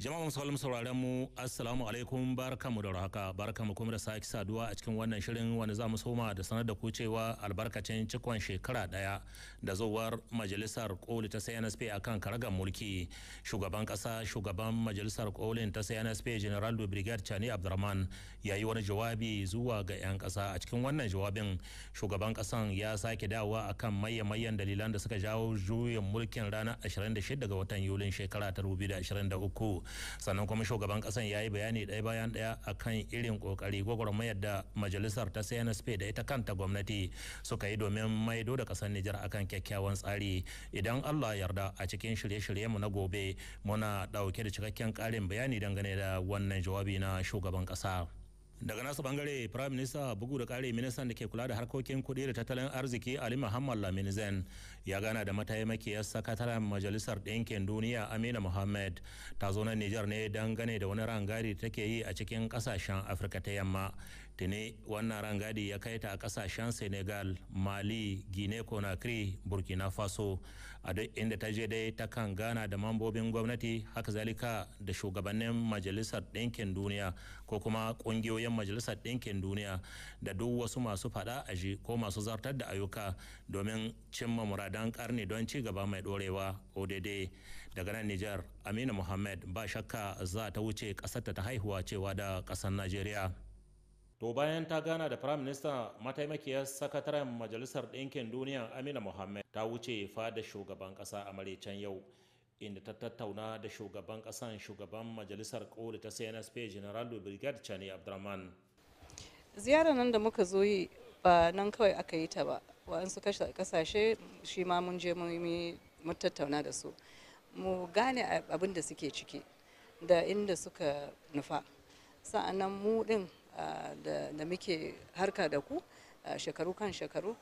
Jama'a masu kallon sauraron mu assalamu alaikum barkamu da barka barkamu kuma da sake saduwa a cikin wannan shirin wanda za mu soma da sanar da ku cewa albarkacin cikon shekara daya da zuwar majalisar koli ta CNSP akan karagar mulki shugaban kasa shugaban majalisar kolin ta CNSP General Brigadier Chani Abdurrahman ya yi wani jawabi zuwa ga 'yan kasa a cikin wannan jawabin shugaban kasan ya sake dawowa akan maye mayen dalilan da suka jawo juyin mulkin ranar 26 ga watan Yulin shekara ta 2023 sannan kuma shugaban kasan ya yi bayani ɗaya bayan ɗaya kan irin kokari gwagwarmayar da majalisar ta cnsp da ita kanta gwamnati suka yi domin maido da ƙasar nijar akan kyakkyawan tsari idan allah yarda a cikin shirye shiryen mu na gobe muna ɗauke da cikakken ƙarin bayani dangane da wannan jawabi na shugaban ƙasa. daga nasu bangare prime minister bugu da kare ministan da ke kula da harkokin kuɗi da tattalin arziki ali muhammad lamin zen ya gana da mataimakiyar sakataren majalisar ɗinkin duniya amina muhammad ta zo nan nijar ne dangane da wani rangadi da take yi a cikin ƙasashen afirka ta yamma tuni wannan rangadi ya kai ta a ƙasashen senegal mali guinea conakry burkina faso a duk inda ta je dai ta kan gana da mambobin gwamnati haka zalika da shugabannin majalisar ɗinkin duniya ko kuma ƙungiyoyin 'yan majalisar ɗinkin duniya da duk wasu masu faɗa aji ko masu zartar da ayyuka domin cimma muradan karni don ci gaba mai ɗorewa ko daidai daga nan Nijar amina Muhammad ba shakka za ta wuce ƙasarta ta haihuwa cewa da ƙasar Najeriya. To bayan ta gana da Firayim minister mataimakiyar sakataren Majalisar Ɗinkin Duniya Amina Mohammed ta wuce fadar shugaban ƙasa a maraicen yau inda ta tattauna da shugaban kasan shugaban majalisar koli ta cnsp general brigade chani abdurrahman ziyarar nan da muka zo yi ba nan kawai aka yi ta ba wa'ansu kasashe shi ma mun je mun tattauna da su mu gane abin da suke ciki da inda suka nufa sa'annan mu din da muke harka da ku shekaru kan shekaru